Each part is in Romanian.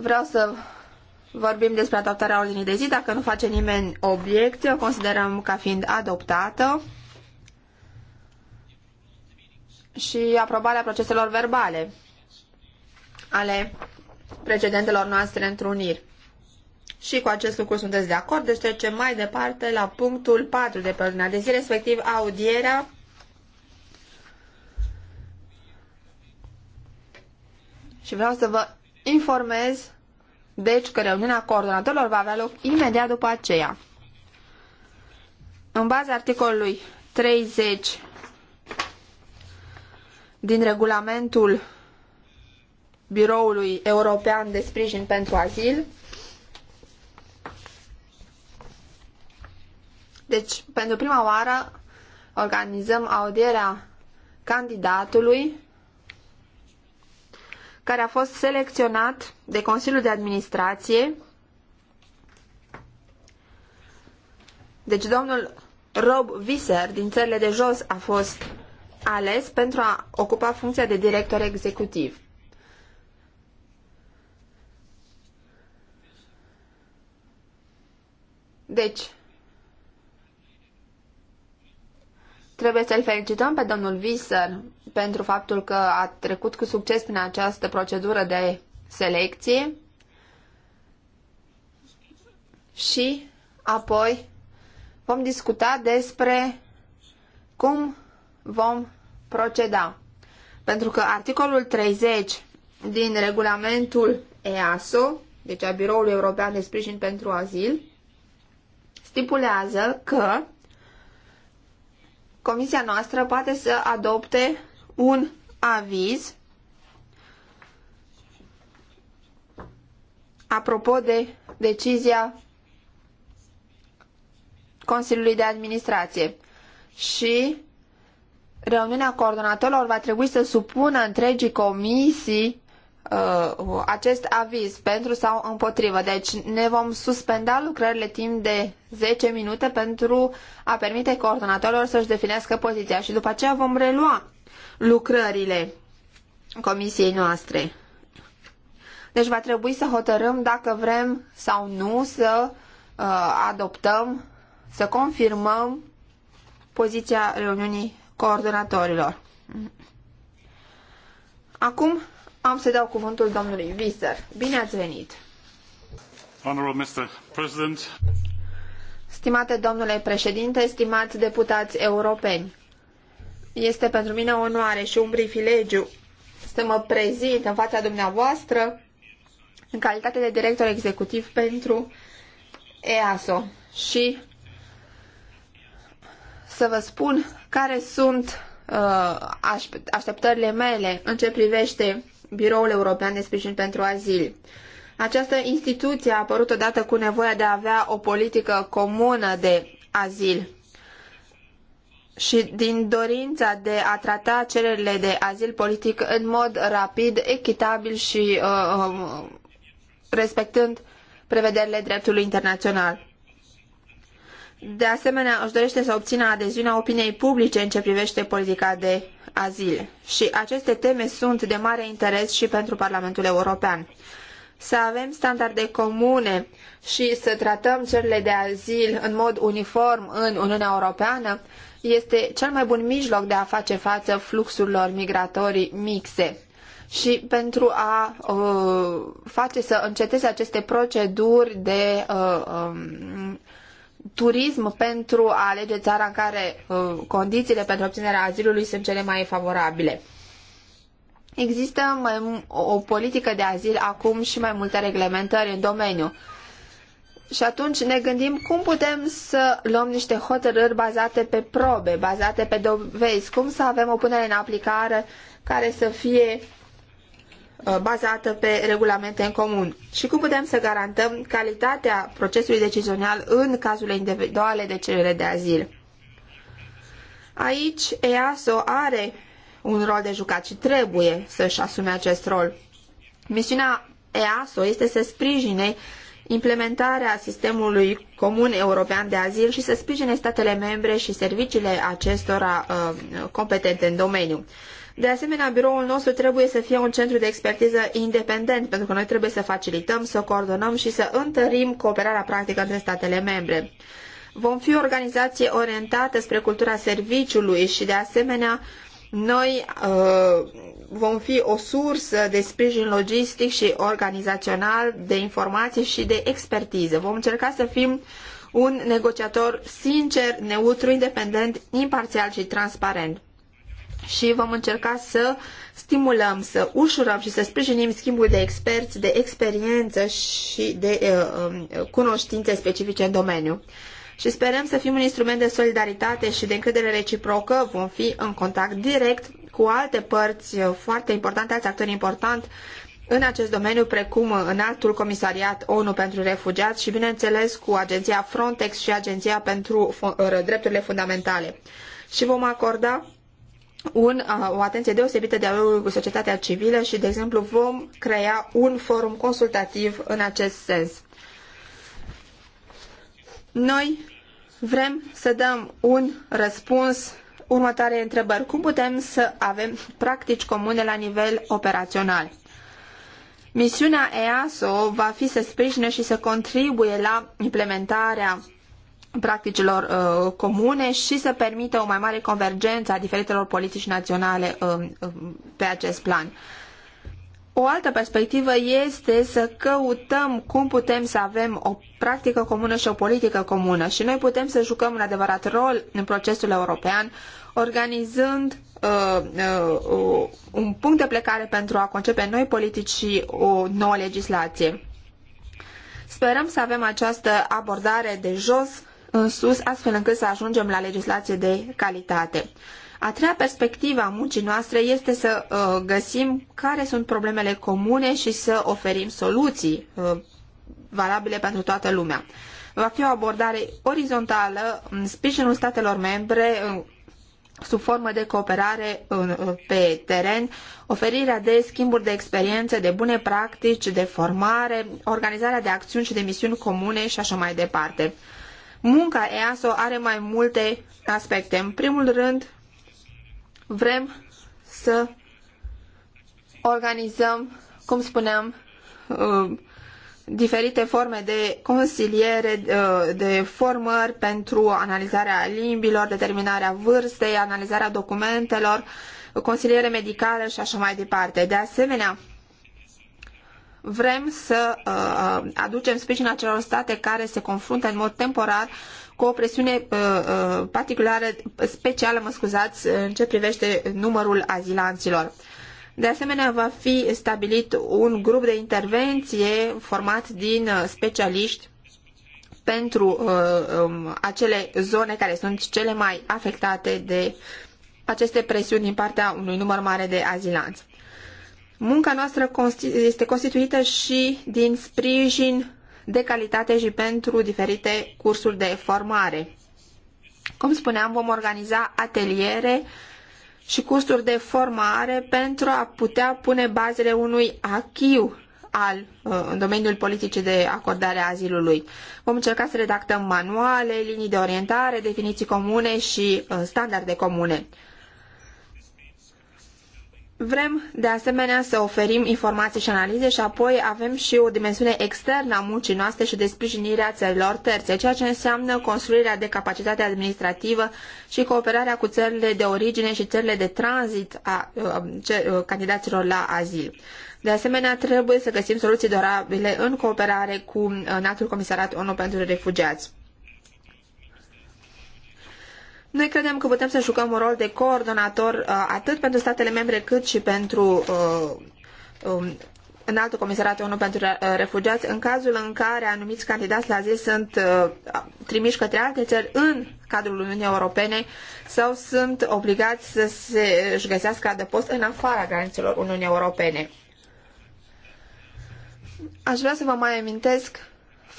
Vreau să vorbim despre adoptarea ordinii de zi. Dacă nu face nimeni obiecție, o considerăm ca fiind adoptată și aprobarea proceselor verbale ale precedentelor noastre întruniri. Și cu acest lucru sunteți de acord, deci trecem mai departe la punctul 4 de pe ordinea de zi, respectiv audierea și vreau să vă informez, deci, că reuniunea coordonatorilor va avea loc imediat după aceea. În baza articolului 30 din regulamentul Biroului European de Sprijin pentru Azil, Deci, pentru prima oară organizăm audierea candidatului care a fost selecționat de Consiliul de Administrație. Deci domnul Rob Visser din țările de jos a fost ales pentru a ocupa funcția de director executiv. Deci, Trebuie să-l felicităm pe domnul Visser pentru faptul că a trecut cu succes prin această procedură de selecție și apoi vom discuta despre cum vom proceda. Pentru că articolul 30 din regulamentul EASO, deci a Biroului European de Sprijin pentru Azil, stipulează că comisia noastră poate să adopte un aviz apropo de decizia Consiliului de Administrație și reuniunea coordonatorilor va trebui să supună întregii comisii uh, acest aviz pentru sau împotrivă. Deci ne vom suspenda lucrările timp de 10 minute pentru a permite coordonatorilor să-și definească poziția și după aceea vom relua lucrările comisiei noastre. Deci va trebui să hotărâm dacă vrem sau nu să uh, adoptăm, să confirmăm poziția reuniunii coordonatorilor. Acum am să dau cuvântul domnului Viser. Bine ați venit! Honorable Mr. President. Stimate domnule președinte, stimați deputați europeni, este pentru mine o onoare și un privilegiu să mă prezint în fața dumneavoastră în calitate de director executiv pentru EASO și să vă spun care sunt uh, așteptările mele în ce privește Biroul European de Sprijin pentru Azil. Această instituție a apărut odată cu nevoia de a avea o politică comună de azil și din dorința de a trata cererile de azil politic în mod rapid, echitabil și uh, um, respectând prevederile dreptului internațional. De asemenea, își dorește să obțină adeziunea opiniei publice în ce privește politica de azil. Și aceste teme sunt de mare interes și pentru Parlamentul European. Să avem standarde comune și să tratăm cererile de azil în mod uniform în Uniunea Europeană este cel mai bun mijloc de a face față fluxurilor migratorii mixe și pentru a uh, face să înceteze aceste proceduri de uh, um, turism pentru a alege țara în care uh, condițiile pentru obținerea azilului sunt cele mai favorabile. Există mai, o politică de azil acum și mai multe reglementări în domeniu. Și atunci ne gândim cum putem să luăm niște hotărâri bazate pe probe, bazate pe dovezi, cum să avem o punere în aplicare care să fie Uh, bazată pe regulamente în comun. Și cum putem să garantăm calitatea procesului decizional în cazurile individuale de cerere de azil? Aici EASO are un rol de jucat și trebuie să-și asume acest rol. Misiunea EASO este să sprijine implementarea sistemului comun european de azil și să sprijine statele membre și serviciile acestora uh, competente în domeniu. De asemenea, biroul nostru trebuie să fie un centru de expertiză independent, pentru că noi trebuie să facilităm, să coordonăm și să întărim cooperarea practică între statele membre. Vom fi o organizație orientată spre cultura serviciului și, de asemenea, noi uh, vom fi o sursă de sprijin logistic și organizațional, de informații și de expertiză. Vom încerca să fim un negociator sincer, neutru, independent, imparțial și transparent și vom încerca să stimulăm, să ușurăm și să sprijinim schimbul de experți, de experiență și de uh, um, cunoștințe specifice în domeniu. Și sperăm să fim un instrument de solidaritate și de încredere reciprocă. Vom fi în contact direct cu alte părți uh, foarte importante, alți actori importanti în acest domeniu, precum înaltul comisariat ONU pentru refugiați și, bineînțeles, cu agenția Frontex și agenția pentru uh, drepturile fundamentale. Și vom acorda un, o atenție deosebită dialogului cu societatea civilă și, de exemplu, vom crea un forum consultativ în acest sens. Noi vrem să dăm un răspuns următoarei întrebări. Cum putem să avem practici comune la nivel operațional? Misiunea EASO va fi să sprijine și să contribuie la implementarea practicilor uh, comune și să permită o mai mare convergență a diferitelor politici naționale uh, pe acest plan. O altă perspectivă este să căutăm cum putem să avem o practică comună și o politică comună și noi putem să jucăm un adevărat rol în procesul european organizând uh, uh, un punct de plecare pentru a concepe noi politici și o nouă legislație. Sperăm să avem această abordare de jos în sus, astfel încât să ajungem la legislație de calitate. A treia perspectivă a muncii noastre este să uh, găsim care sunt problemele comune și să oferim soluții uh, valabile pentru toată lumea. Va fi o abordare orizontală în sprijinul statelor membre sub formă de cooperare uh, pe teren, oferirea de schimburi de experiențe, de bune practici, de formare, organizarea de acțiuni și de misiuni comune și așa mai departe. Munca EASO are mai multe aspecte. În primul rând, vrem să organizăm, cum spuneam, uh, diferite forme de consiliere, uh, de formări pentru analizarea limbilor, determinarea vârstei, analizarea documentelor, consiliere medicală și așa mai departe. De asemenea, vrem să uh, uh aducem sprijin acelor state care se confruntă în mod temporar cu o presiune uh, uh, particulară, specială, mă scuzați, în ce privește numărul azilanților. De asemenea, va fi stabilit un grup de intervenție format din uh, specialiști pentru uh, um, acele zone care sunt cele mai afectate de aceste presiuni din partea unui număr mare de azilanți. Munca noastră este constituită și din sprijin de calitate și pentru diferite cursuri de formare. Cum spuneam, vom organiza ateliere și cursuri de formare pentru a putea pune bazele unui achiu al, uh, în domeniul politicii de acordare a azilului. Vom încerca să redactăm manuale, linii de orientare, definiții comune și uh, standarde comune. Vrem, de asemenea, să oferim informații și analize și apoi avem și o dimensiune externă a muncii noastre și de sprijinirea țărilor terțe, ceea ce înseamnă construirea de capacitate administrativă și cooperarea cu țările de origine și țările de tranzit a, a, uh, uh, candidaților la azil. De asemenea, trebuie să găsim soluții durabile în cooperare cu uh, Înaltul Comisariat ONU pentru Refugiați. Noi credem că putem să jucăm un rol de coordonator uh, atât pentru statele membre cât și pentru uh, um, în altul comisariat ONU pentru uh, refugiați în cazul în care anumiți candidați la azil sunt uh, trimiși către alte țări în cadrul Uniunii Europene sau sunt obligați să se își găsească adăpost în afara granițelor Uniunii Europene. Aș vrea să vă mai amintesc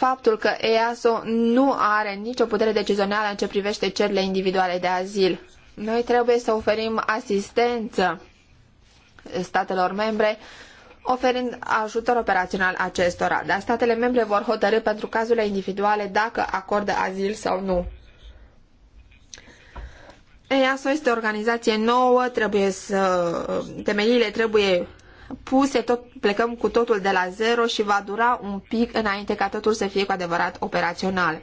faptul că EASO nu are nicio putere decizională în ce privește cererile individuale de azil. Noi trebuie să oferim asistență statelor membre oferind ajutor operațional acestora, dar statele membre vor hotărî pentru cazurile individuale dacă acordă azil sau nu. EASO este o organizație nouă, trebuie să, temeliile trebuie puse, tot, plecăm cu totul de la zero și va dura un pic înainte ca totul să fie cu adevărat operațional.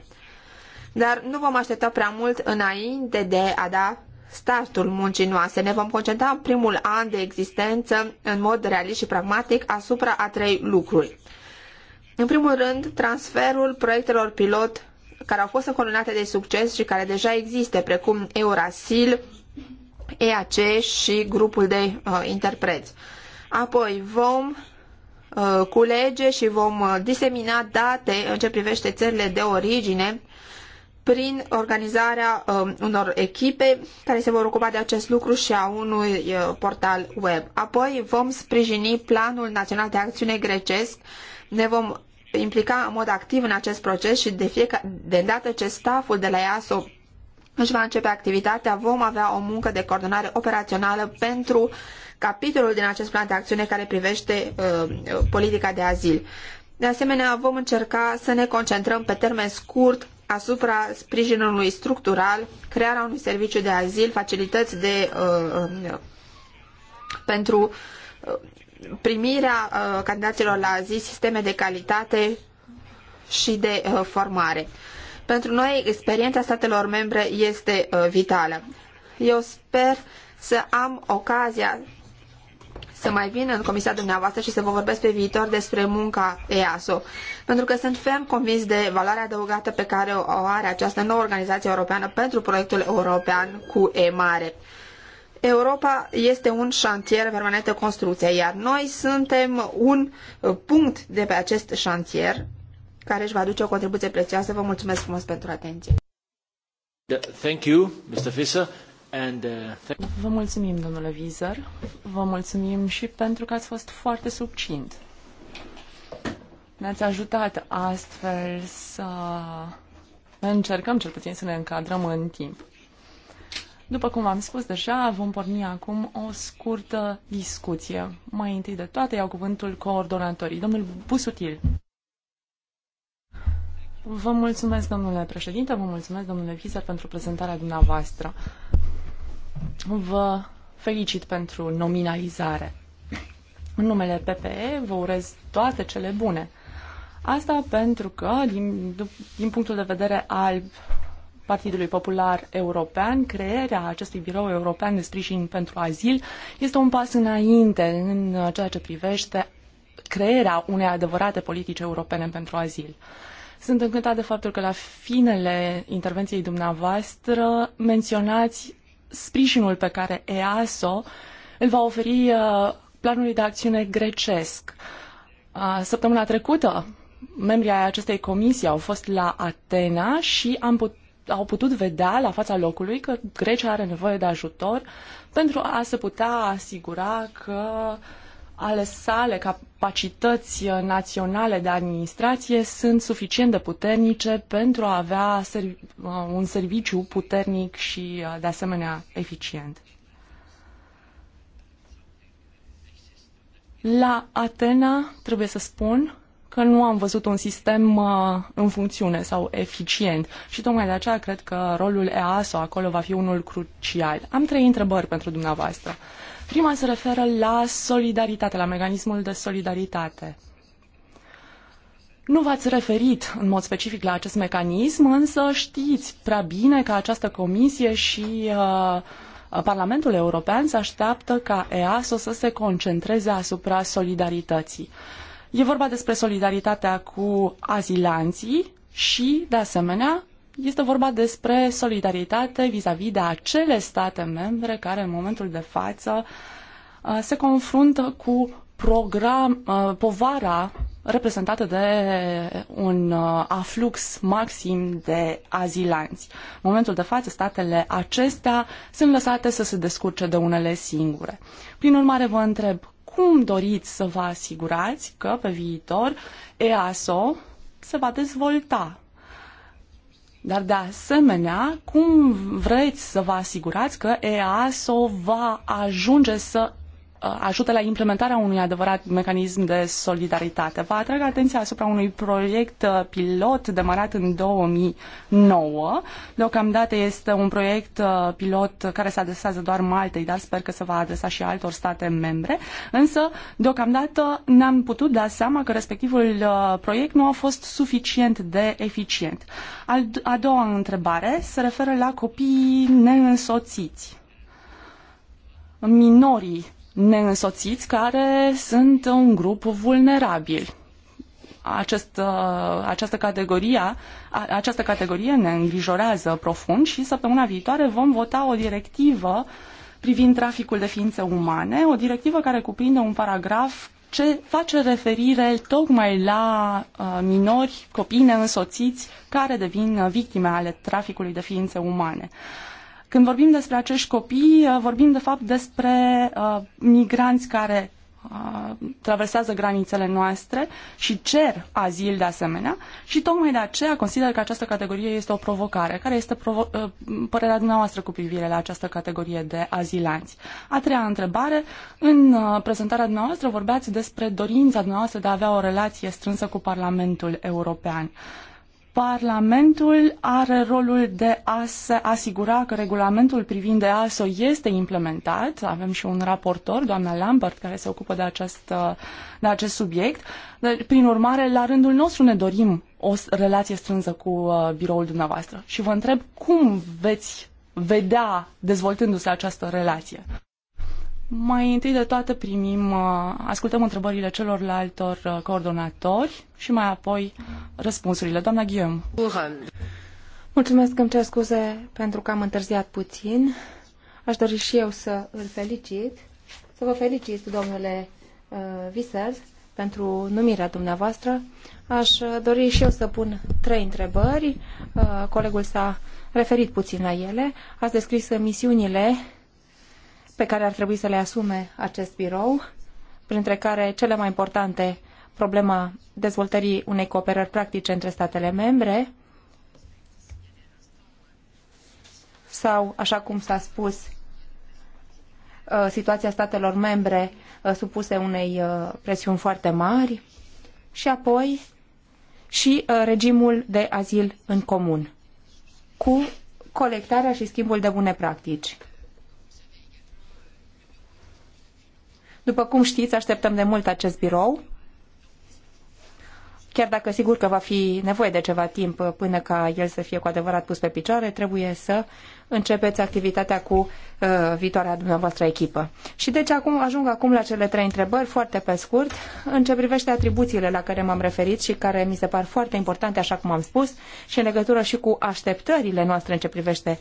Dar nu vom aștepta prea mult înainte de a da startul muncii noastre. Ne vom concentra în primul an de existență, în mod realist și pragmatic, asupra a trei lucruri. În primul rând, transferul proiectelor pilot care au fost încolonate de succes și care deja există, precum Eurasil, EAC și grupul de uh, interpreți. Apoi vom uh, culege și vom uh, disemina date în ce privește țările de origine prin organizarea uh, unor echipe care se vor ocupa de acest lucru și a unui portal web. Apoi vom sprijini Planul Național de Acțiune Grecesc, ne vom implica în mod activ în acest proces și de, fiecare, de îndată ce stafful de la EASO își va începe activitatea, vom avea o muncă de coordonare operațională pentru uh, capitolul din acest plan de acțiune care privește uh, politica de azil. De asemenea, vom încerca să ne concentrăm pe termen scurt asupra sprijinului structural, crearea unui serviciu de azil, facilități de, uh, uh, pentru primirea uh, candidaților la azil, sisteme de calitate și de uh, formare. Pentru noi, experiența statelor membre este uh, vitală. Eu sper să am ocazia să mai vin în comisia dumneavoastră și să vă vorbesc pe viitor despre munca EASO, pentru că sunt ferm convins de valoarea adăugată pe care o are această nouă organizație europeană pentru proiectul european cu E mare. Europa este un șantier permanent de construcție, iar noi suntem un punct de pe acest șantier care își va aduce o contribuție prețioasă. Vă mulțumesc frumos pentru atenție. Thank you, Mr. Fischer. Uh, vă mulțumim, domnule Vizer. Vă mulțumim și pentru că ați fost foarte subcint. Ne-ați ajutat astfel să încercăm cel puțin să ne încadrăm în timp. După cum am spus deja, vom porni acum o scurtă discuție. Mai întâi de toate iau cuvântul coordonatorii, domnul Busutil. Vă mulțumesc, domnule președinte, vă mulțumesc, domnule Vizer, pentru prezentarea dumneavoastră. Vă felicit pentru nominalizare. În numele PPE vă urez toate cele bune. Asta pentru că, din, din punctul de vedere al Partidului Popular European, crearea acestui birou european de sprijin pentru azil este un pas înainte în ceea ce privește crearea unei adevărate politici europene pentru azil. Sunt încântat de faptul că la finele intervenției dumneavoastră menționați sprijinul pe care EASO îl va oferi uh, planului de acțiune grecesc. Uh, săptămâna trecută, membrii ai acestei comisii au fost la Atena și am put- au putut vedea la fața locului că Grecia are nevoie de ajutor pentru a se putea asigura că uh, ale sale capacități uh, naționale de administrație sunt suficient de puternice pentru a avea uh, un serviciu puternic și, uh, de asemenea, eficient. La Atena trebuie să spun că nu am văzut un sistem în funcțiune sau eficient și tocmai de aceea cred că rolul EASO acolo va fi unul crucial. Am trei întrebări pentru dumneavoastră. Uh, Prima se referă la solidaritate, la mecanismul de solidaritate. Nu v-ați referit în mod specific la acest mecanism, însă știți prea bine că această comisie și uh, Parlamentul European se așteaptă ca EASO să se concentreze asupra solidarității. E vorba despre solidaritatea cu azilanții și, de asemenea, este vorba despre solidaritate vis-a-vis de acele state membre care în momentul de față uh, se confruntă cu program, uh, povara reprezentată de un uh, aflux maxim de azilanți. În momentul de față, statele acestea sunt lăsate să se descurce de unele singure. Prin urmare, vă întreb, cum doriți să vă asigurați că pe viitor EASO se va dezvolta dar de asemenea, cum vreți să vă asigurați că EASO va ajunge să Uh, ajute la implementarea unui adevărat mecanism de solidaritate. Vă atrag atenția asupra unui proiect uh, pilot demarat în 2009. Deocamdată este un proiect uh, pilot care se adresează doar Maltei, dar sper că se va adresa și altor state membre. Însă, deocamdată ne-am putut da seama că respectivul proiect nu a fost suficient de eficient. A doua întrebare se referă la copiii neînsoțiți minorii neînsoțiți care sunt un grup vulnerabil. Acest, uh, această, categorie, această categorie ne îngrijorează profund și săptămâna viitoare vom vota o directivă privind traficul de ființe umane, o directivă care cuprinde un paragraf ce face referire tocmai la uh, minori, copii neînsoțiți care devin victime ale traficului de ființe umane. Când vorbim despre acești copii, uh, vorbim de fapt despre uh, migranți care uh, traversează granițele noastre și cer azil de asemenea și tocmai de aceea consider că această categorie este o provocare. Care este provo- uh, părerea dumneavoastră cu privire la această categorie de azilanți? A treia întrebare, în uh, prezentarea dumneavoastră vorbeați despre dorința dumneavoastră de a avea o relație strânsă cu Parlamentul European. Uh, Parlamentul are rolul de a se asigura că regulamentul privind EASO este implementat. Avem și un raportor, doamna Lambert, care se ocupă de acest, de acest subiect. Deci, prin urmare, la rândul nostru ne dorim o relație strânsă cu uh, biroul dumneavoastră. Și vă întreb cum veți vedea dezvoltându-se această relație. Mai întâi de toate primim, uh, ascultăm întrebările celorlaltor uh, coordonatori și mai apoi răspunsurile. Doamna Ghiem. Mulțumesc, că îmi cer scuze pentru că am întârziat puțin. Aș dori și eu să îl felicit, să vă felicit, domnule uh, Visel, pentru numirea dumneavoastră. Aș uh, dori și eu să pun trei întrebări. Uh, colegul s-a referit puțin la ele. Ați descris misiunile pe care ar trebui să le asume acest birou, printre care cele mai importante problema dezvoltării unei cooperări practice între statele membre sau, așa cum s-a spus, uh, situația statelor membre uh, supuse unei uh, presiuni foarte mari și apoi și regimul de azil în comun cu colectarea și schimbul de bune practici. După cum știți, așteptăm de mult acest birou, chiar dacă sigur că va fi nevoie de ceva timp până ca el să fie cu adevărat pus pe picioare, trebuie să începeți activitatea cu uh, viitoarea dumneavoastră echipă. Și deci acum ajung acum la cele trei întrebări, foarte pe scurt, în ce privește atribuțiile la care m-am referit și care mi se par foarte importante, așa cum am spus, și în legătură și cu așteptările noastre în ce privește uh,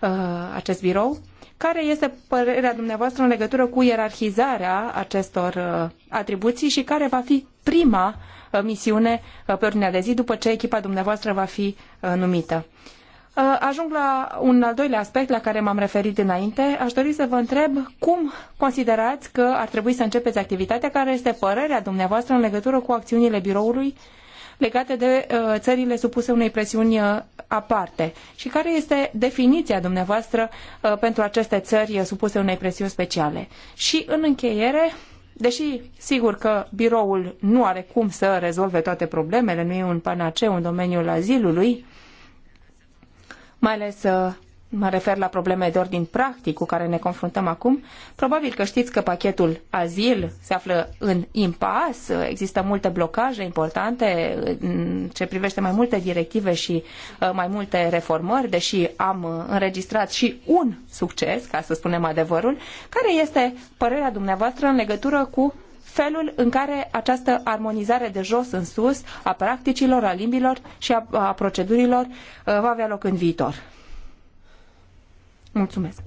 Uh, acest birou. Care este părerea dumneavoastră în legătură cu ierarhizarea acestor uh, atribuții și care va fi prima uh, misiune pe ordinea de zi după ce echipa dumneavoastră va fi numită? Ajung la un al doilea aspect la care m-am referit înainte. Aș dori să vă întreb cum considerați că ar trebui să începeți activitatea, care este părerea dumneavoastră în legătură cu acțiunile biroului legate de uh, țările supuse unei presiuni uh, aparte. Și care este definiția dumneavoastră uh, pentru aceste țări supuse unei presiuni speciale? Și în încheiere, Deși, sigur că biroul nu are cum să rezolve toate problemele, nu e un panaceu în domeniul azilului, mai ales mă refer la probleme de ordin practic cu care ne confruntăm acum, probabil că știți că pachetul azil se află în impas, există multe blocaje importante în ce privește mai multe directive și uh, mai multe reformări, deși am uh, înregistrat și un succes, ca să spunem adevărul, care este părerea dumneavoastră în legătură cu felul în care această armonizare de jos în sus a practicilor, a limbilor și a, a procedurilor uh, va avea loc în viitor. Mulțumesc!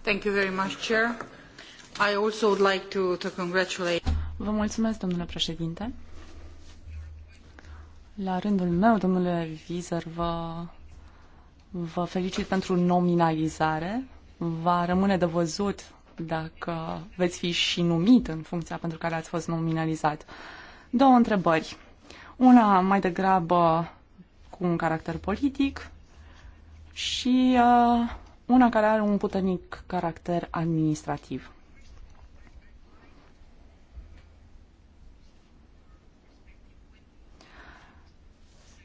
Thank you very much, Chair. I also would like to, to congratulate... Vă mulțumesc, domnule președinte. La rândul meu, domnule Vizer, vă, vă felicit pentru nominalizare. Va rămâne de văzut dacă veți fi și numit în funcția pentru care ați fost nominalizat. Două întrebări. Una mai degrabă cu un caracter politic și uh, una care are un puternic caracter administrativ.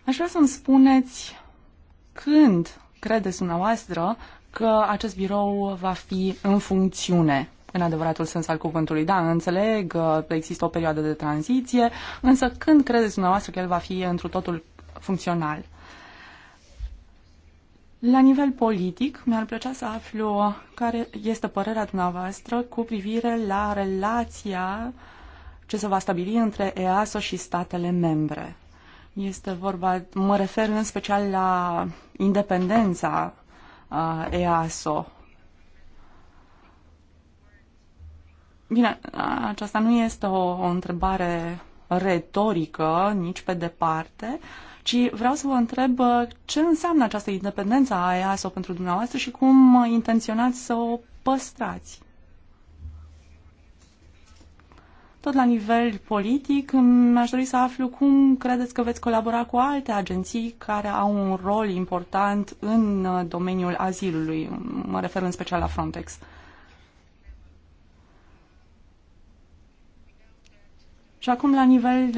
Aș vrea să-mi spuneți când credeți dumneavoastră că acest birou va fi în funcțiune, în adevăratul sens al cuvântului. Da, înțeleg că există o perioadă de tranziție, însă când credeți dumneavoastră că el va fi întru totul funcțional? La nivel politic, mi-ar plăcea să aflu care este părerea dumneavoastră cu privire la relația ce se va stabili între EASO și statele membre. Este vorba, mă refer în special la independența uh, EASO. Bine, aceasta nu este o, o întrebare retorică nici pe departe. Uh, ci vreau să vă întreb uh, ce înseamnă această independență a EASO pentru dumneavoastră și cum uh, intenționați să o păstrați. Tot la nivel politic, mi-aș dori să aflu cum credeți că veți colabora cu alte agenții care au un rol important în uh, domeniul azilului, mă refer în special la Frontex. Și acum, la nivel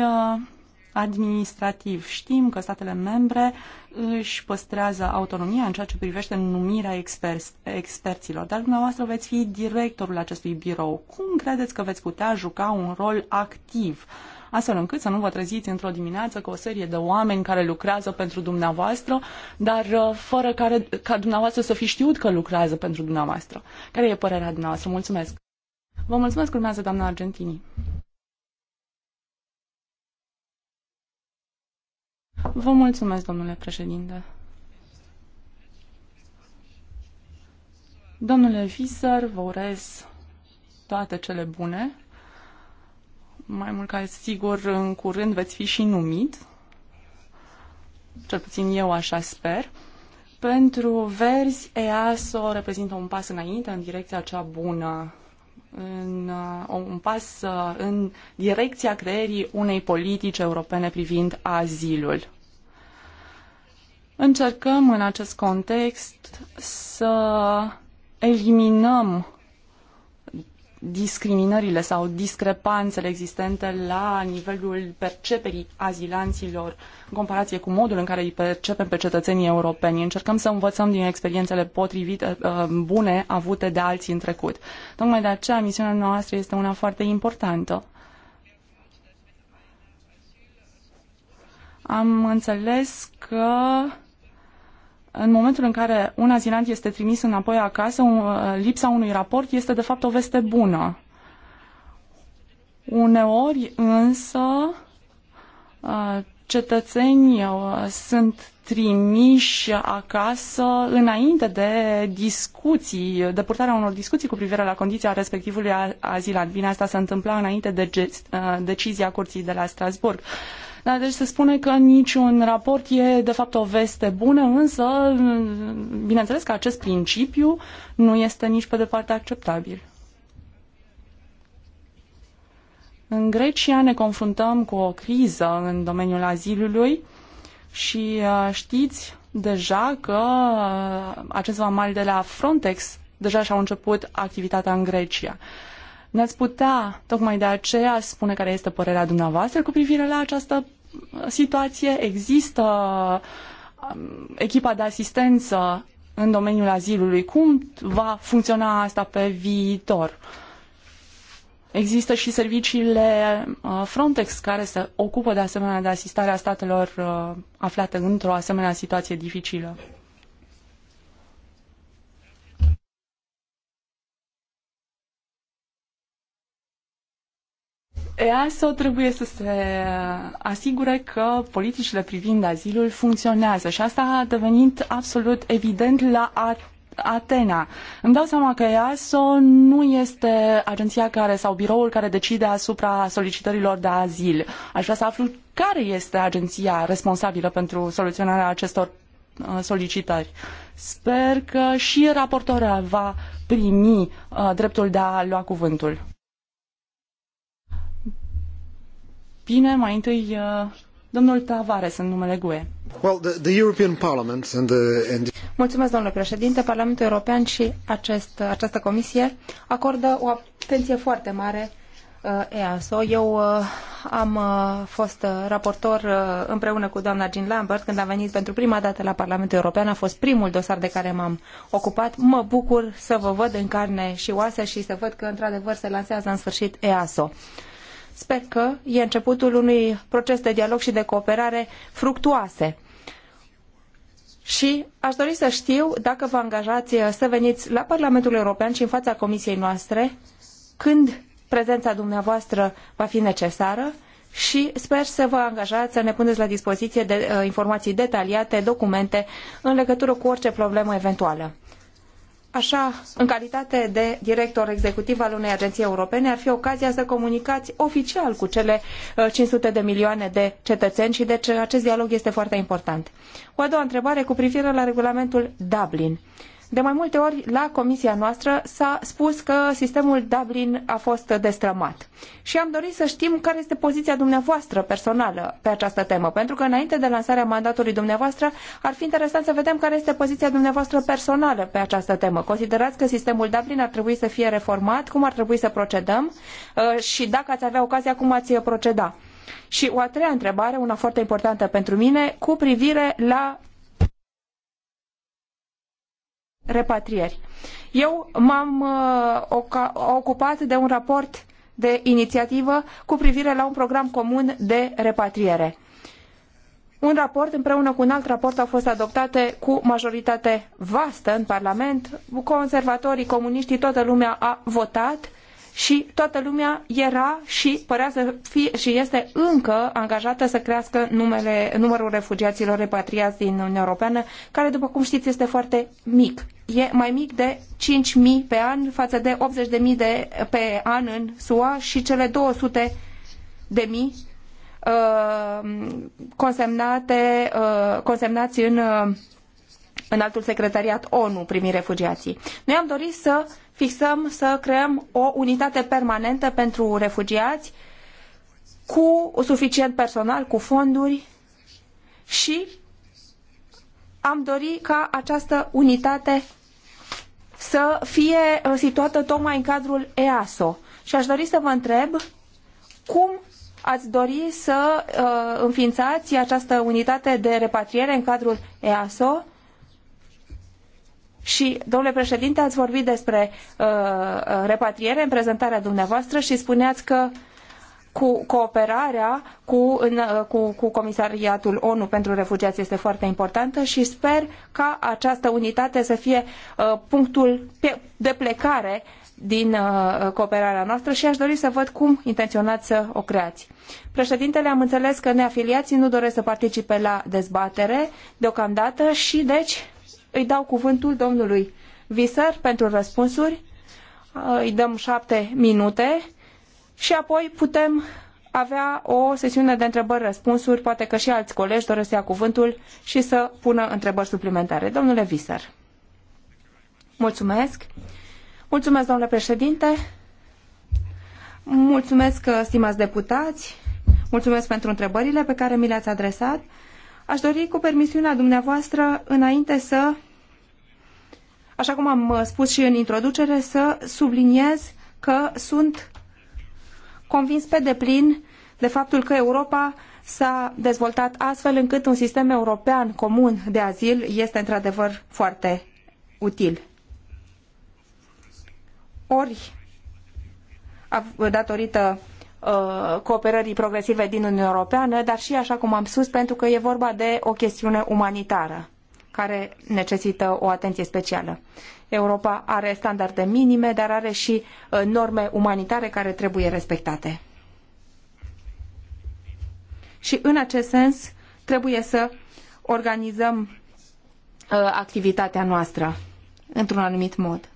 administrativ. Știm că statele membre își păstrează autonomia în ceea ce privește numirea experți, experților, dar dumneavoastră veți fi directorul acestui birou. Cum credeți că veți putea juca un rol activ? astfel încât să nu vă treziți într-o dimineață cu o serie de oameni care lucrează pentru dumneavoastră, dar uh, fără care, ca dumneavoastră să fi știut că lucrează pentru dumneavoastră. Care e părerea dumneavoastră? Mulțumesc! Vă mulțumesc, urmează doamna Argentini. Vă mulțumesc, domnule președinte. Domnule Viser, vă urez toate cele bune. Mai mult ca sigur, în curând veți fi și numit. Cel puțin eu așa sper. Pentru verzi, EASO reprezintă un pas înainte în direcția cea bună în, uh, un pas uh, în direcția creierii unei politici europene privind azilul. Încercăm în acest context să eliminăm discriminările sau discrepanțele existente la nivelul perceperii azilanților în comparație cu modul în care îi percepem pe cetățenii europeni. Încercăm să învățăm din experiențele potrivite, uh, bune, avute de alții în trecut. Tocmai de aceea misiunea noastră este una foarte importantă. Am înțeles că în momentul în care un azilant este trimis înapoi acasă, uh, lipsa unui raport este de fapt o veste bună. Uneori însă uh, cetățenii uh, sunt trimiși acasă înainte de discuții, de purtarea unor discuții cu privire la condiția respectivului azilat. Bine, asta se întâmpla înainte de gest, decizia Curții de la Strasburg. Da, deci se spune că niciun raport e de fapt o veste bună, însă bineînțeles că acest principiu nu este nici pe departe acceptabil. În Grecia ne confruntăm cu o criză în domeniul azilului și uh, știți deja că uh, acest vamal de la Frontex deja și-au început activitatea în Grecia. Ne-ați putea, tocmai de aceea, spune care este părerea dumneavoastră cu privire la această situație, există um, echipa de asistență în domeniul azilului. Cum va funcționa asta pe viitor? Există și serviciile uh, Frontex care se ocupă de asemenea de asistarea statelor uh, aflate într-o asemenea situație dificilă. EASO trebuie să se asigure că politicile privind azilul funcționează și asta a devenit absolut evident la Atena. Îmi dau seama că EASO nu este agenția care sau biroul care decide asupra solicitărilor de azil. Aș vrea să aflu care este agenția responsabilă pentru soluționarea acestor uh, solicitări. Sper că și raportoarea va primi uh, dreptul de a lua cuvântul. Bine, mai întâi uh, domnul Tavares în numele GUE. Well, the, the European Parliament and the, and the... Mulțumesc, domnule președinte. Parlamentul European și acest, această comisie acordă o atenție foarte mare uh, EASO. Eu uh, am fost raportor împreună cu doamna Jean Lambert când am venit pentru prima dată la Parlamentul European. A fost primul dosar de care m-am ocupat. Mă bucur să vă văd în carne și oase și să văd că într-adevăr se lansează în sfârșit EASO. Uh, Sper că e începutul unui proces de dialog și de cooperare fructuoase. Și aș dori să știu dacă vă angajați să veniți la Parlamentul European și în fața comisiei noastre când prezența dumneavoastră va fi necesară și sper să vă angajați să ne puneți la dispoziție de, uh, informații detaliate, documente în legătură cu orice problemă eventuală așa, în calitate de director executiv al unei agenții europene, ar fi ocazia să comunicați oficial cu cele 500 uh, de milioane de cetățeni și deci acest dialog este foarte important. O a doua întrebare cu privire la regulamentul Dublin. De mai multe ori, la comisia noastră s-a spus că sistemul Dublin a fost destrămat. Și am dorit să știm care este poziția dumneavoastră personală pe această temă, pentru că înainte de lansarea mandatului dumneavoastră, ar fi interesant să vedem care este poziția dumneavoastră personală pe această temă. Considerați că sistemul Dublin ar trebui să fie reformat, cum ar trebui să procedăm uh, și dacă ați avea ocazia, cum ați proceda? Și o a treia întrebare, una foarte importantă pentru mine, cu privire la repatrieri. Eu m-am uh, ocupat de un raport de inițiativă cu privire la un program comun de repatriere. Un raport împreună cu un alt raport au fost adoptate cu majoritate vastă în Parlament. Conservatorii, comuniștii, toată lumea a votat și toată lumea era și părea să fie și este încă angajată să crească numele, numărul refugiaților repatriați din Uniunea Europeană, care, după cum știți, este foarte mic. E mai mic de 5.000 pe an față de 80.000 de pe an în SUA și cele 200 de mii uh, consemnate, uh, consemnați în, uh, în altul secretariat ONU primi refugiații. Noi am dorit să fixăm să creăm o unitate permanentă pentru refugiați cu suficient personal, cu fonduri și am dori ca această unitate să fie uh, situată tocmai în cadrul EASO. Și aș dori să vă întreb cum ați dori să uh, înființați această unitate de repatriere în cadrul EASO și, domnule președinte, ați vorbit despre uh, repatriere în prezentarea dumneavoastră și spuneați că cu cooperarea cu, în, uh, cu, cu Comisariatul ONU pentru Refugiați este foarte importantă și sper ca această unitate să fie uh, punctul de plecare din uh, cooperarea noastră și aș dori să văd cum intenționați să o creați. Președintele, am înțeles că neafiliații nu doresc să participe la dezbatere deocamdată și deci îi dau cuvântul domnului Viser pentru răspunsuri. Îi dăm șapte minute și apoi putem avea o sesiune de întrebări-răspunsuri, poate că și alți colegi doresc să ia cuvântul și să pună întrebări suplimentare. Domnule Viser. Mulțumesc. Mulțumesc, domnule președinte. Mulțumesc, stimați deputați. Mulțumesc pentru întrebările pe care mi le-ați adresat. Aș dori, cu permisiunea dumneavoastră, înainte să așa cum am uh, spus și în introducere, să subliniez că sunt convins pe deplin de faptul că Europa s-a dezvoltat astfel încât un sistem european comun de azil este într-adevăr foarte util. Ori, datorită uh, cooperării progresive din Uniunea Europeană, dar și, așa cum am spus, pentru că e vorba de o chestiune umanitară care necesită o atenție specială. Europa are standarde minime, dar are și uh, norme umanitare care trebuie respectate. Și în acest sens trebuie să organizăm uh, activitatea noastră într-un anumit mod.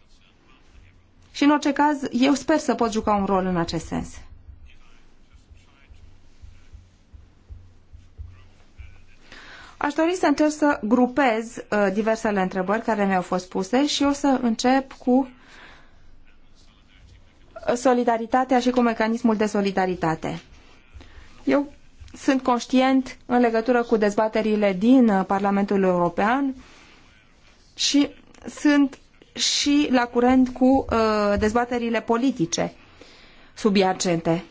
Și în orice caz, eu sper să pot juca un rol în acest sens. Aș dori să încerc să grupez uh, diversele întrebări care mi-au fost puse și o să încep cu solidaritatea și cu mecanismul de solidaritate. Eu sunt conștient în legătură cu dezbaterile din uh, Parlamentul European și sunt și la curent cu uh, dezbaterile politice subiacente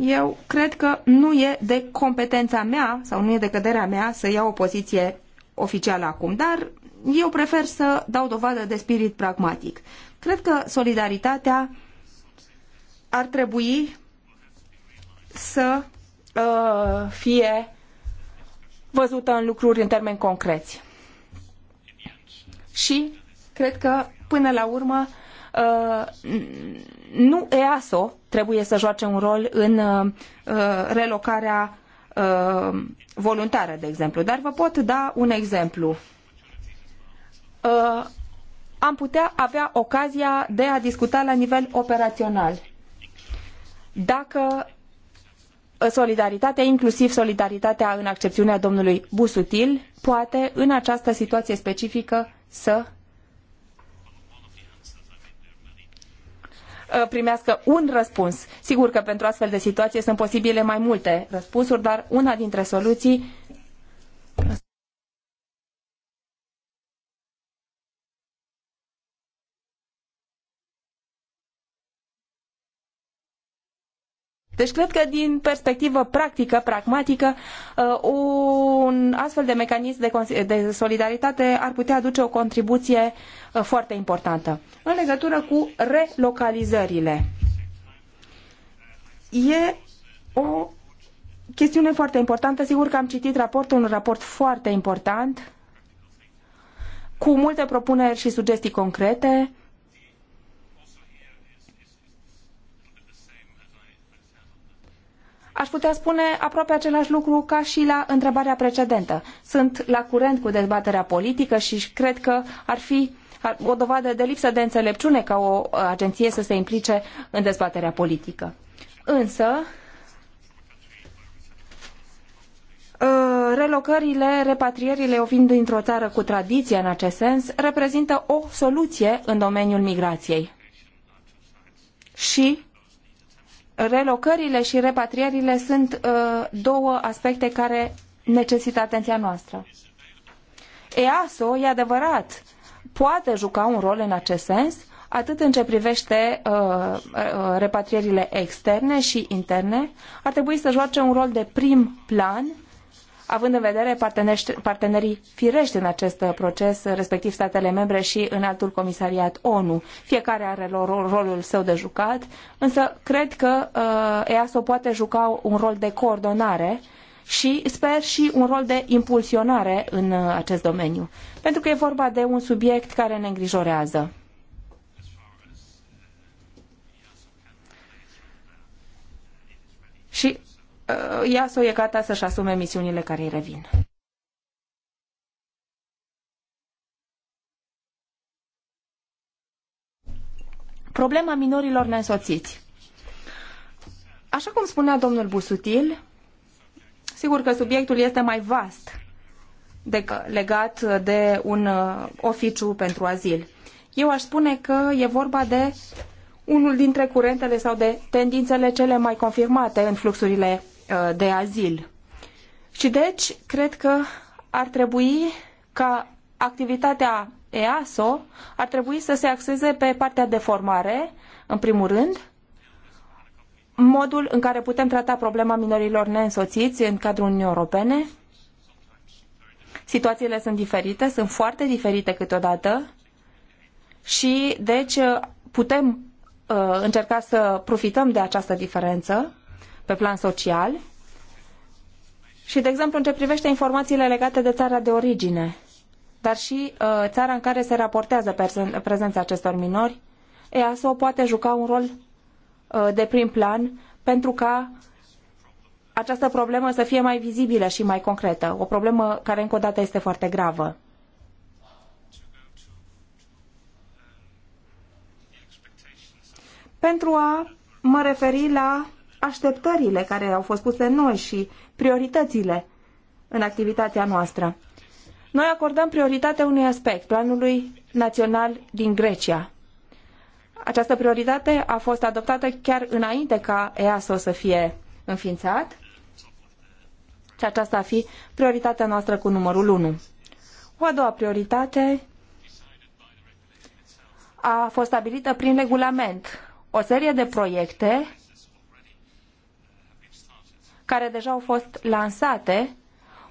eu cred că nu e de competența mea sau nu e de căderea mea să iau o poziție oficială acum, dar eu prefer să dau dovadă de spirit pragmatic. Cred că solidaritatea ar trebui să uh, fie văzută în lucruri în termeni concreți. Și cred că, până la urmă, Uh, nu EASO trebuie să joace un rol în uh, uh, relocarea voluntară, de exemplu. Dar vă pot da un exemplu. Am putea avea ocazia de a discuta la nivel operațional. Dacă solidaritatea, inclusiv solidaritatea în accepțiunea domnului Busutil, poate în această situație specifică să Uh, primească un răspuns. Sigur că pentru astfel de situații sunt posibile mai multe răspunsuri, dar una dintre soluții Deci cred că din perspectivă practică, pragmatică, uh, un astfel de mecanism de solidaritate ar putea aduce o contribuție uh, foarte importantă. În legătură cu relocalizările, e o chestiune foarte importantă. Sigur că am citit raportul, un raport foarte important, cu multe propuneri și sugestii concrete Aș putea spune aproape același lucru ca și la întrebarea precedentă. Sunt la curent cu dezbaterea politică și cred că ar fi o dovadă de lipsă de înțelepciune ca o agenție să se implice în dezbaterea politică. Însă, ă, relocările, repatrierile, o fiind dintr-o țară cu tradiție în acest sens, reprezintă o soluție în domeniul migrației. Și relocările și repatrierile sunt uh, două aspecte care necesită atenția noastră. EASO, e adevărat, poate juca un rol în acest sens, atât în ce privește uh, uh repatrierile externe și interne, ar trebui să joace un rol de prim plan având în vedere partenerii firești în acest proces, respectiv statele membre și în altul comisariat ONU. Fiecare are rolul său de jucat, însă cred că uh, EASO poate juca un rol de coordonare și sper și un rol de impulsionare în uh, acest domeniu, pentru că e vorba de un subiect care ne îngrijorează. IASO e gata să-și asume misiunile care îi revin. Problema minorilor neînsoțiți. Așa cum spunea domnul Busutil, sigur că subiectul este mai vast decât legat de un uh, oficiu pentru azil. Eu aș spune că e vorba de unul dintre curentele sau de tendințele cele mai confirmate în fluxurile Uh, de azil. Și deci, cred că ar trebui ca activitatea EASO ar trebui să se axeze pe partea de formare, în primul rând, modul în care putem trata problema minorilor neînsoțiți în cadrul Uniunii Europene. Situațiile sunt diferite, sunt foarte diferite câteodată și deci putem uh, încerca să profităm de această diferență pe plan social și, de exemplu, în ce privește informațiile legate de țara de origine, dar și uh, țara în care se raportează prezența acestor minori, EASO poate juca un rol uh, de prim plan pentru ca această problemă să fie mai vizibilă și mai concretă, o problemă care încă o dată este foarte gravă. Pentru a mă referi la așteptările care au fost puse noi și prioritățile în activitatea noastră. Noi acordăm prioritate unui aspect, planului național din Grecia. Această prioritate a fost adoptată chiar înainte ca EASO să fie înființat și aceasta a fi prioritatea noastră cu numărul 1. O a doua prioritate a fost stabilită prin regulament. O serie de proiecte care deja au fost lansate,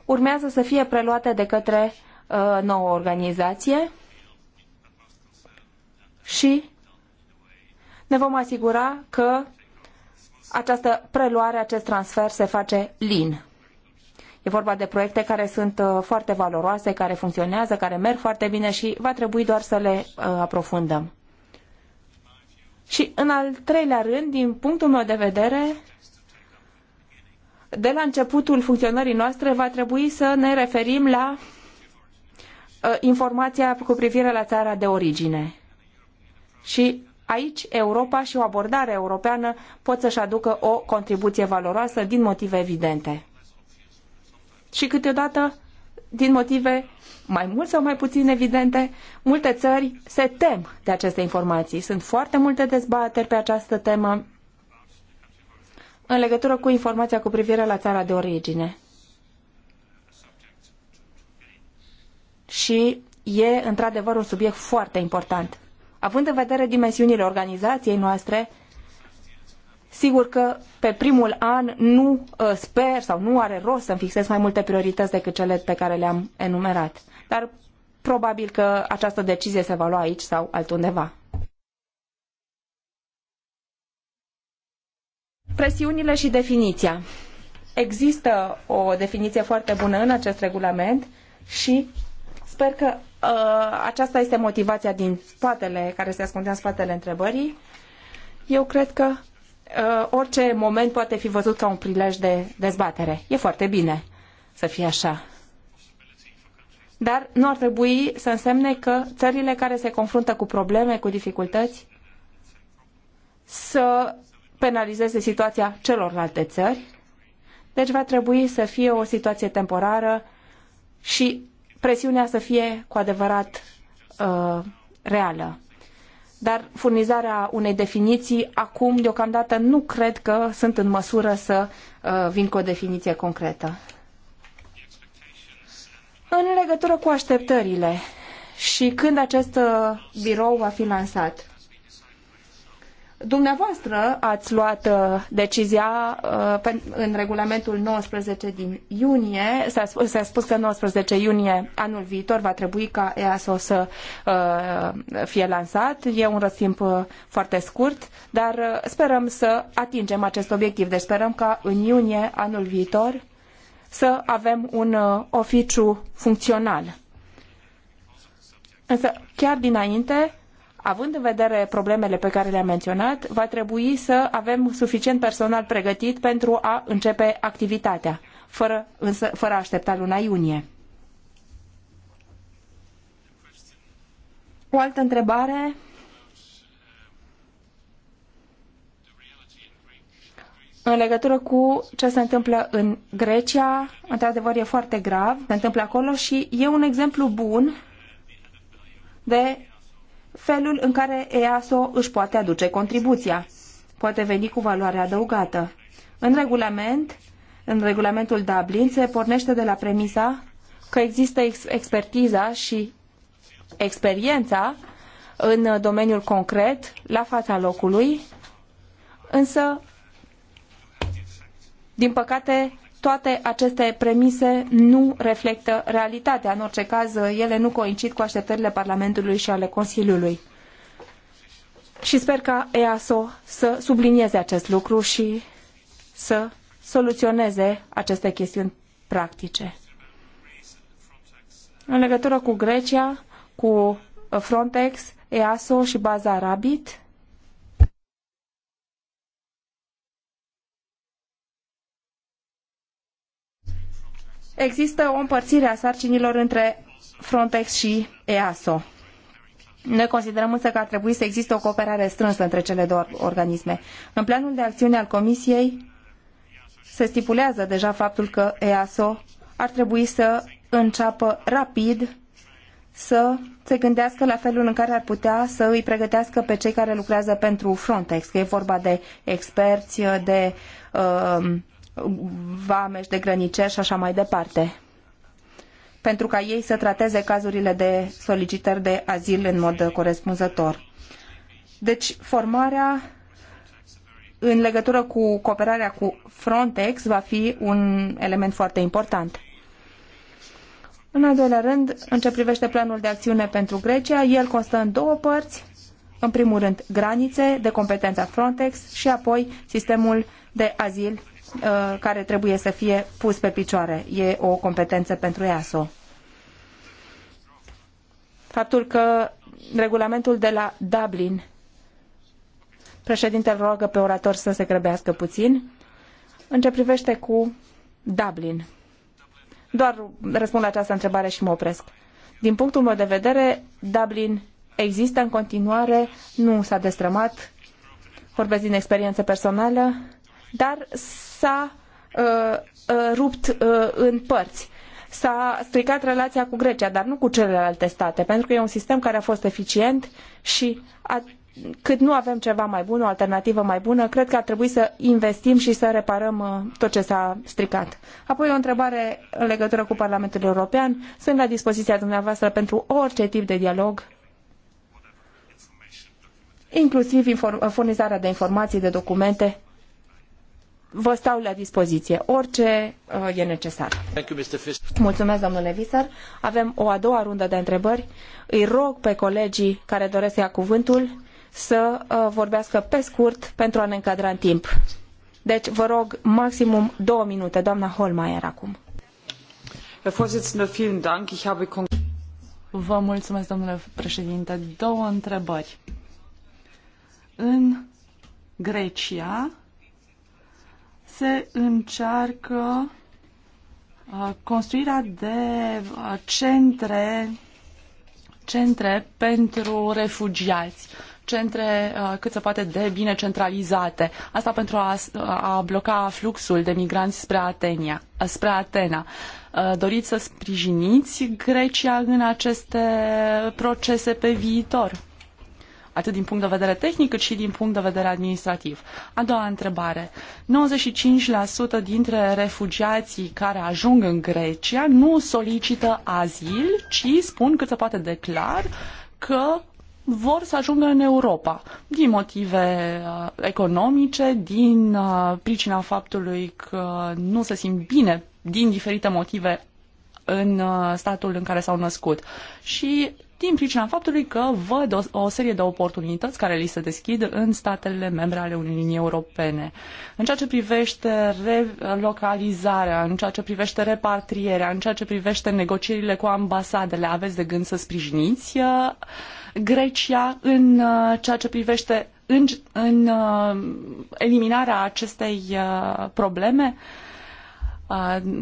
urmează să fie preluate de către uh, nouă organizație și ne vom asigura că această preluare, acest transfer se face lin. E vorba de proiecte care sunt uh, foarte valoroase, care funcționează, care merg foarte bine și va trebui doar să le uh, aprofundăm. Și în al treilea rând, din punctul meu de vedere, de la începutul funcționării noastre va trebui să ne referim la uh, informația cu privire la țara de origine. Și aici Europa și o abordare europeană pot să-și aducă o contribuție valoroasă din motive evidente. Și câteodată, din motive mai mult sau mai puțin evidente, multe țări se tem de aceste informații. Sunt foarte multe dezbateri pe această temă în legătură cu informația cu privire la țara de origine. Și e, într-adevăr, un subiect foarte important. Având în vedere dimensiunile organizației noastre, sigur că pe primul an nu ă, sper sau nu are rost să-mi fixez mai multe priorități decât cele pe care le-am enumerat. Dar probabil că această decizie se va lua aici sau altundeva. Presiunile și definiția. Există o definiție foarte bună în acest regulament și sper că uh, aceasta este motivația din spatele, care se ascundea în spatele întrebării. Eu cred că uh, orice moment poate fi văzut ca un prilej de dezbatere. E foarte bine să fie așa. Dar nu ar trebui să însemne că țările care se confruntă cu probleme, cu dificultăți, să penalizeze situația celorlalte țări. Deci va trebui să fie o situație temporară și presiunea să fie cu adevărat uh, reală. Dar furnizarea unei definiții acum, deocamdată, nu cred că sunt în măsură să uh, vin cu o definiție concretă. În legătură cu așteptările și când acest uh, birou va fi lansat, Dumneavoastră ați luat uh, decizia uh, în regulamentul 19 din iunie, s-a spus, spus că 19 iunie anul viitor va trebui ca EASO să uh, fie lansat. E un răstimp foarte scurt, dar sperăm să atingem acest obiectiv. Deci sperăm ca în iunie anul viitor să avem un oficiu funcțional. Însă, chiar dinainte, având în vedere problemele pe care le-am menționat, va trebui să avem suficient personal pregătit pentru a începe activitatea, fără, însă, fără a aștepta luna iunie. O altă întrebare în legătură cu ce se întâmplă în Grecia, într-adevăr e foarte grav, se întâmplă acolo și e un exemplu bun de felul în care EASO își poate aduce contribuția. Poate veni cu valoare adăugată. În regulament, în regulamentul Dublin se pornește de la premisa că există ex expertiza și experiența în domeniul concret, la fața locului, însă, din păcate, toate aceste premise nu reflectă realitatea. În orice caz, ele nu coincid cu așteptările Parlamentului și ale Consiliului. Și sper ca EASO să sublinieze acest lucru și să soluționeze aceste chestiuni practice. În legătură cu Grecia, cu Frontex, EASO și baza Rabit, există o împărțire a sarcinilor între Frontex și EASO. Noi considerăm însă că ar trebui să existe o cooperare strânsă între cele două organisme. În planul de acțiune al Comisiei se stipulează deja faptul că EASO ar trebui să înceapă rapid să se gândească la felul în care ar putea să îi pregătească pe cei care lucrează pentru Frontex, că e vorba de experți, de uh, vameși de grănice și așa mai departe pentru ca ei să trateze cazurile de solicitări de azil în mod corespunzător. Deci, formarea în legătură cu cooperarea cu Frontex va fi un element foarte important. În al doilea rând, în ce privește planul de acțiune pentru Grecia, el constă în două părți. În primul rând, granițe de competența Frontex și apoi sistemul de azil Uh, care trebuie să fie pus pe picioare. E o competență pentru EASO. Faptul că regulamentul de la Dublin președintele roagă pe orator să se grăbească puțin în ce privește cu Dublin. Doar răspund la această întrebare și mă opresc. Din punctul meu de vedere, Dublin există în continuare, nu s-a destrămat, vorbesc din experiență personală, dar s-a uh, uh, rupt uh, în părți. S-a stricat relația cu Grecia, dar nu cu celelalte state, pentru că e un sistem care a fost eficient și a, cât nu avem ceva mai bun, o alternativă mai bună, cred că ar trebui să investim și să reparăm uh, tot ce s-a stricat. Apoi o întrebare în legătură cu Parlamentul European. Sunt la dispoziția dumneavoastră pentru orice tip de dialog inclusiv furnizarea de informații, de documente vă stau la dispoziție orice uh, e necesar. Mulțumesc, domnule Visar. Avem o a doua rundă de întrebări. Îi rog pe colegii care doresc să ia cuvântul să uh, vorbească pe scurt pentru a ne încadra în timp. Deci, vă rog, maximum două minute. Doamna Holmeier acum. Vă mulțumesc, domnule președinte. Două întrebări. În Grecia, se încearcă uh, construirea de uh, centre, centre pentru refugiați, centre uh, cât se poate de bine centralizate. Asta pentru a, a bloca fluxul de migranți spre, Atenia, spre Atena. Doriți să sprijiniți Grecia în aceste procese pe viitor? atât din punct de vedere tehnic cât și din punct de vedere administrativ. A doua întrebare. 95% dintre refugiații care ajung în Grecia nu solicită azil, ci spun cât se poate de clar că vor să ajungă în Europa din motive uh, economice, din uh, pricina faptului că nu se simt bine din diferite motive în uh, statul în care s-au născut. Și din pricina faptului că văd o, o serie de oportunități care li se deschid în statele membre ale Uniunii Europene. În ceea ce privește relocalizarea, în ceea ce privește repatrierea, în ceea ce privește negocierile cu ambasadele, aveți de gând să sprijiniți uh, Grecia în uh, ceea ce privește în, în uh, eliminarea acestei probleme?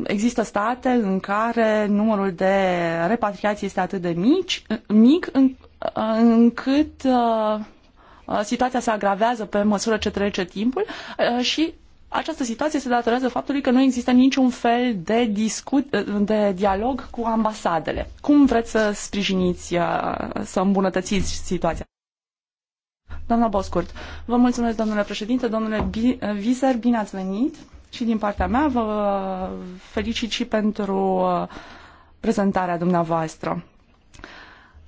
Există state în care numărul de repatriații este atât de mic, mic încât situația se agravează pe măsură ce trece timpul și această situație se datorează faptului că nu există niciun fel de, discut, de dialog cu ambasadele. Cum vreți să sprijiniți, să îmbunătățiți situația? Doamna Boscurt, vă mulțumesc, domnule președinte, domnule Viser, bine ați venit și din partea mea vă felicit și pentru uh, prezentarea dumneavoastră.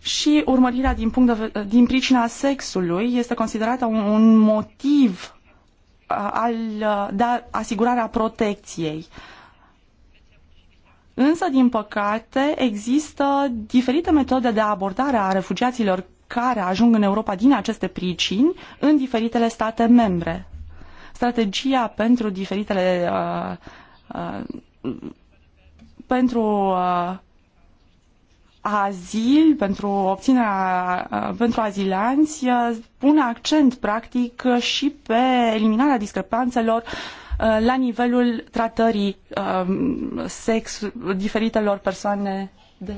Și urmărirea din, punct de, uh, din pricina sexului este considerată un, un motiv uh, al, de asigurarea protecției. Însă, din păcate, există diferite metode de abordare a refugiaților care ajung în Europa din aceste pricini în diferitele state membre strategia pentru diferitele uh, uh, pentru uh, azil, pentru obținerea, uh, pentru azilanți, uh, pune accent practic și pe eliminarea discrepanțelor uh, la nivelul tratării sex diferitelor persoane de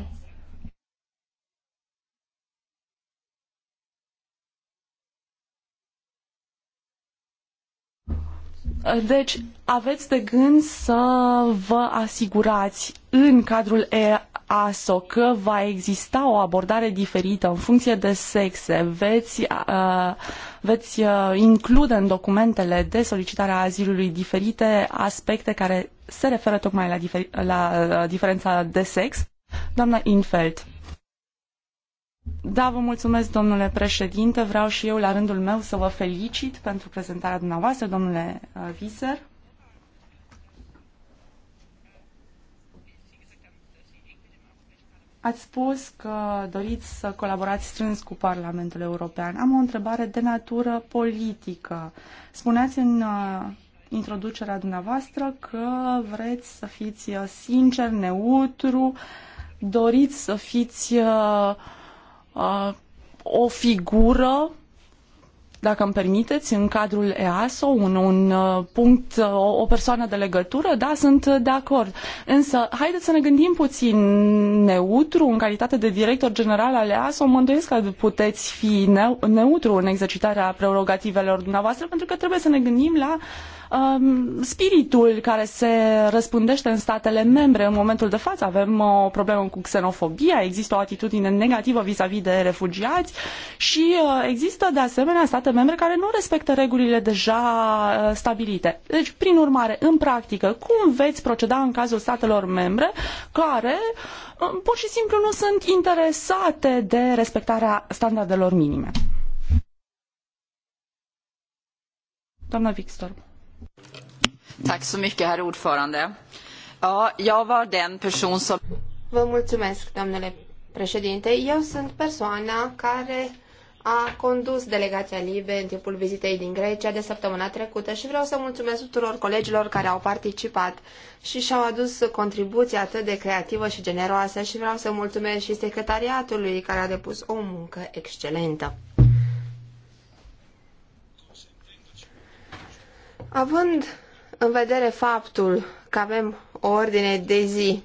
Deci, aveți de gând să vă asigurați în cadrul EASO că va exista o abordare diferită în funcție de sexe. Veți, uh, veți uh, include în documentele de solicitare a azilului diferite aspecte care se referă tocmai la, difer- la uh, diferența de sex. Doamna Infeld. Da, vă mulțumesc, domnule președinte. Vreau și eu, la rândul meu, să vă felicit pentru prezentarea dumneavoastră, domnule uh, Viser. Ați spus că doriți să colaborați strâns cu Parlamentul European. Am o întrebare de natură politică. Spuneați în uh, introducerea dumneavoastră că vreți să fiți uh, sincer, neutru, doriți să fiți uh, Uh, o figură, dacă îmi permiteți, în cadrul EASO, un, un uh, punct, o, uh, o persoană de legătură, da, sunt de acord. Însă, haideți să ne gândim puțin neutru, în calitate de director general al EASO, mă îndoiesc că puteți fi neutru în exercitarea prerogativelor dumneavoastră, pentru că trebuie să ne gândim la uh, Um, spiritul care se răspândește în statele membre în momentul de față. Avem uh, o problemă cu xenofobia, există o atitudine negativă vis-a-vis -vis de refugiați și uh, există de asemenea state membre care nu respectă regulile deja uh, stabilite. Deci, prin urmare, în practică, cum veți proceda în cazul statelor membre care pur și simplu nu sunt interesate de respectarea standardelor minime? Doamna Victor. Tack så mycket, herr ordförande. Ja, jag var den person som... Vă mulțumesc, domnule președinte. Eu sunt persoana care a condus delegația Libe în timpul vizitei din Grecia de săptămâna trecută și vreau să mulțumesc tuturor colegilor care au participat și și-au adus contribuția atât de creativă și generoasă și vreau să mulțumesc și secretariatului care a depus o muncă excelentă. Având în vedere faptul că avem o ordine de zi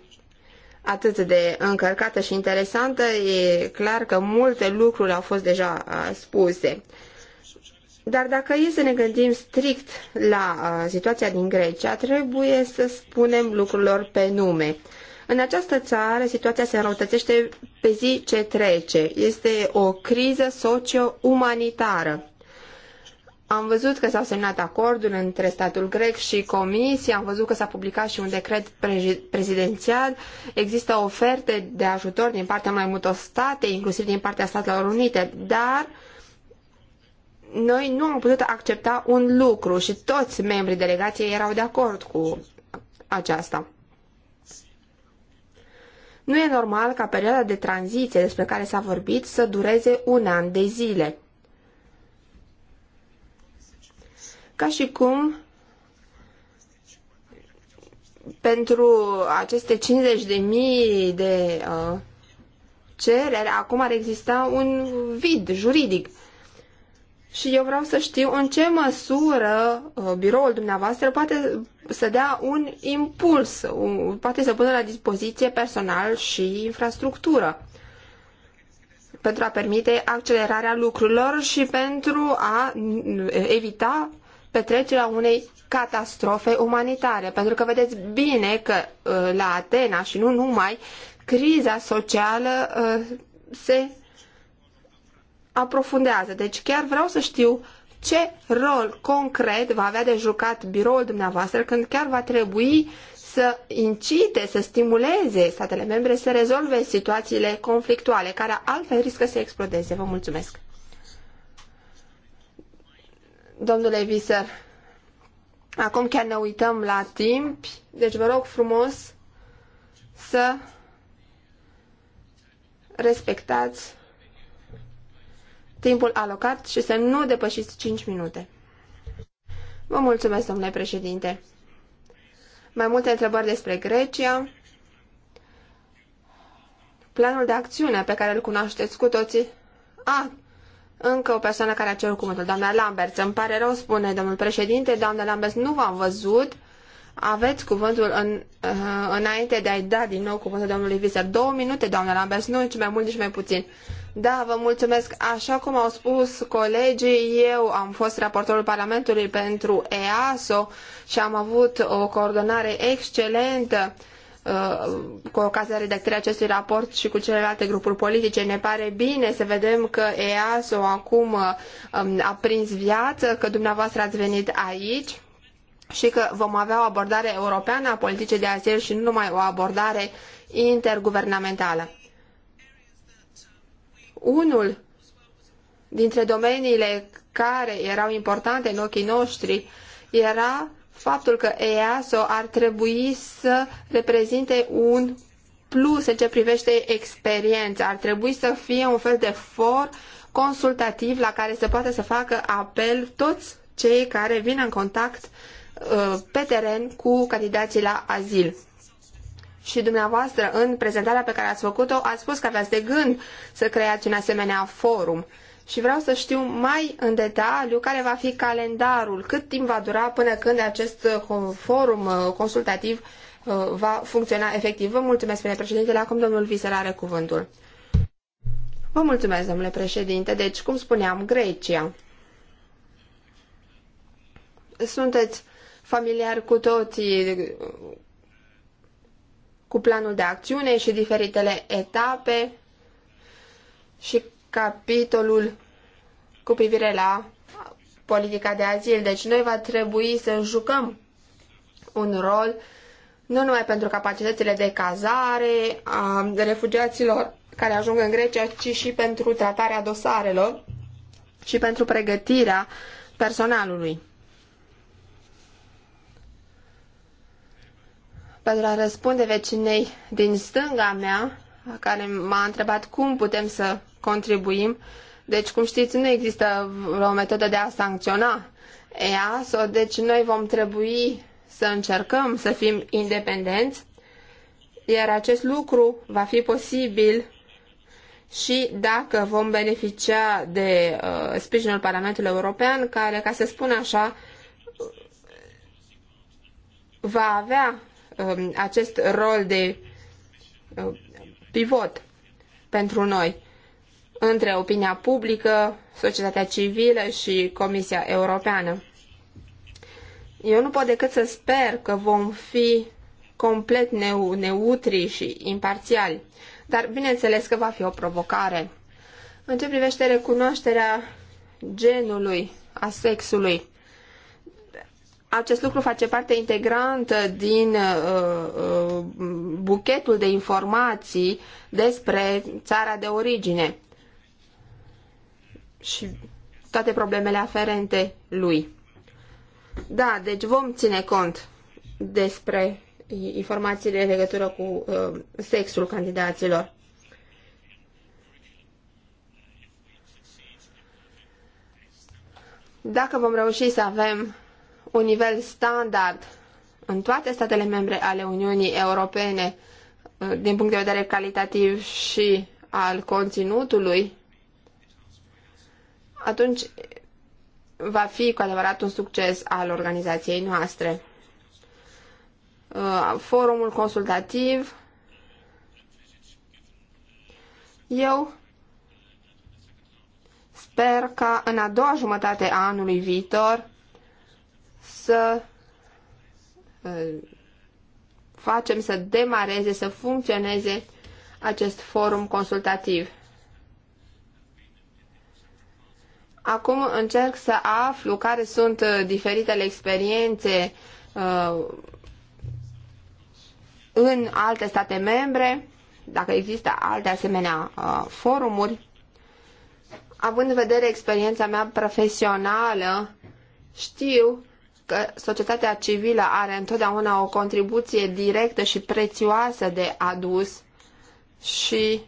atât de încărcată și interesantă, e clar că multe lucruri au fost deja spuse. Dar dacă e să ne gândim strict la situația din Grecia, trebuie să spunem lucrurilor pe nume. În această țară, situația se înrăutățește pe zi ce trece. Este o criză socio-umanitară. Am văzut că s-au semnat acordul între statul grec și comisie, am văzut că s-a publicat și un decret prezidențial, există oferte de ajutor din partea mai multor state, inclusiv din partea Statelor Unite, dar noi nu am putut accepta un lucru și toți membrii delegației erau de acord cu aceasta. Nu e normal ca perioada de tranziție despre care s-a vorbit să dureze un an de zile. Ca și cum pentru aceste 50.000 de mii de uh, cereri, acum ar exista un vid juridic. Și eu vreau să știu în ce măsură uh, biroul dumneavoastră poate să dea un impuls, un, poate să pună la dispoziție personal și infrastructură pentru a permite accelerarea lucrurilor și pentru a evita petrecerea unei catastrofe umanitare. Pentru că vedeți bine că uh, la Atena și nu numai, criza socială uh, se aprofundează. Deci chiar vreau să știu ce rol concret va avea de jucat biroul dumneavoastră când chiar va trebui să incite, să stimuleze statele membre să rezolve situațiile conflictuale, care altfel riscă să explodeze. Vă mulțumesc! Domnule Viser, acum chiar ne uităm la timp, deci vă rog frumos să respectați timpul alocat și să nu depășiți 5 minute. Vă mulțumesc, domnule președinte. Mai multe întrebări despre Grecia. Planul de acțiune pe care îl cunoașteți cu toții. A, încă o persoană care a cerut cuvântul, doamna Lamberts. Îmi pare rău, spune domnul președinte, doamna Lamberts nu v-am văzut. Aveți cuvântul în, uh, înainte de a-i da din nou cuvântul domnului Viser. Două minute, doamna Lamberts, nu nici mai mult, nici mai puțin. Da, vă mulțumesc. Așa cum au spus colegii, eu am fost raportorul Parlamentului pentru EASO și am avut o coordonare excelentă Uh, cu ocazia redactării acestui raport și cu celelalte grupuri politice. Ne pare bine să vedem că EASO acum uh, um, a prins viață, că dumneavoastră ați venit aici și că vom avea o abordare europeană a politicii de azil și nu numai o abordare interguvernamentală. Unul dintre domeniile care erau importante în ochii noștri era faptul că EASO ar trebui să reprezinte un plus în ce privește experiența. Ar trebui să fie un fel de for consultativ la care se poate să facă apel toți cei care vin în contact uh, pe teren cu candidații la azil. Și dumneavoastră, în prezentarea pe care ați făcut-o, ați spus că aveați de gând să creați un asemenea forum și vreau să știu mai în detaliu care va fi calendarul, cât timp va dura până când acest uh, forum uh, consultativ uh, va funcționa efectiv. Vă mulțumesc, domnule președinte. Acum domnul Visel are cuvântul. Vă mulțumesc, domnule președinte. Deci, cum spuneam, Grecia. Sunteți familiar cu toții cu planul de acțiune și diferitele etape și capitolul cu privire la politica de azil. Deci noi va trebui să jucăm un rol nu numai pentru capacitățile de cazare a refugiaților care ajung în Grecia, ci și pentru tratarea dosarelor și pentru pregătirea personalului. Pentru a răspunde vecinei din stânga mea, care m-a întrebat cum putem să contribuim. Deci, cum știți, nu există o metodă de a sancționa EASO, deci noi vom trebui să încercăm să fim independenți, iar acest lucru va fi posibil și dacă vom beneficia de uh, sprijinul Parlamentului European, care, ca să spun așa, va avea um, acest rol de uh, pivot pentru noi între opinia publică, societatea civilă și Comisia Europeană. Eu nu pot decât să sper că vom fi complet neutri și imparțiali, dar bineînțeles că va fi o provocare. În ce privește recunoașterea genului, a sexului, acest lucru face parte integrantă din uh, uh, buchetul de informații despre țara de origine și toate problemele aferente lui. Da, deci vom ține cont despre informațiile în legătură cu uh, sexul candidaților. Dacă vom reuși să avem un nivel standard în toate statele membre ale Uniunii Europene, uh, din punct de vedere calitativ și al conținutului, atunci va fi cu adevărat un succes al organizației noastre. Uh, forumul consultativ. Eu sper ca în a doua jumătate a anului viitor să uh, facem să demareze, să funcționeze acest forum consultativ. Acum încerc să aflu care sunt uh, diferitele experiențe uh, în alte state membre, dacă există alte asemenea uh, forumuri. Având în vedere experiența mea profesională, știu că societatea civilă are întotdeauna o contribuție directă și prețioasă de adus și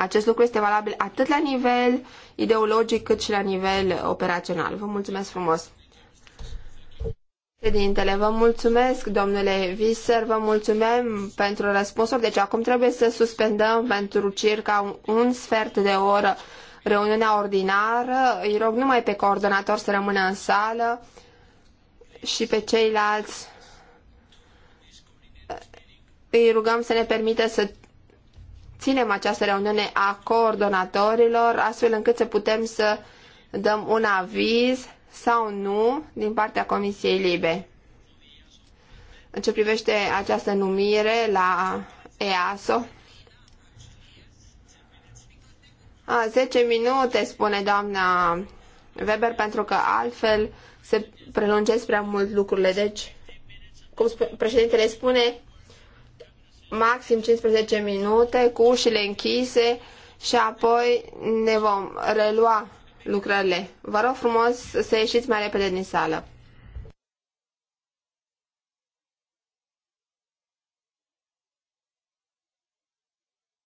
acest lucru este valabil atât la nivel ideologic cât și la nivel operațional. Vă mulțumesc frumos! Președintele, vă mulțumesc, domnule Viser, vă mulțumim pentru răspunsuri. Deci acum trebuie să suspendăm pentru circa un sfert de oră reuniunea ordinară. Îi rog numai pe coordonator să rămână în sală și pe ceilalți îi rugăm să ne permită să ținem această reuniune a coordonatorilor, astfel încât să putem să dăm un aviz sau nu din partea Comisiei Libe. În ce privește această numire la EASO, a, 10 minute, spune doamna Weber, pentru că altfel se prelungesc prea mult lucrurile. Deci, cum spune, președintele spune, maxim 15 minute cu ușile închise și apoi ne vom relua lucrările. Vă rog frumos să ieșiți mai repede din sală.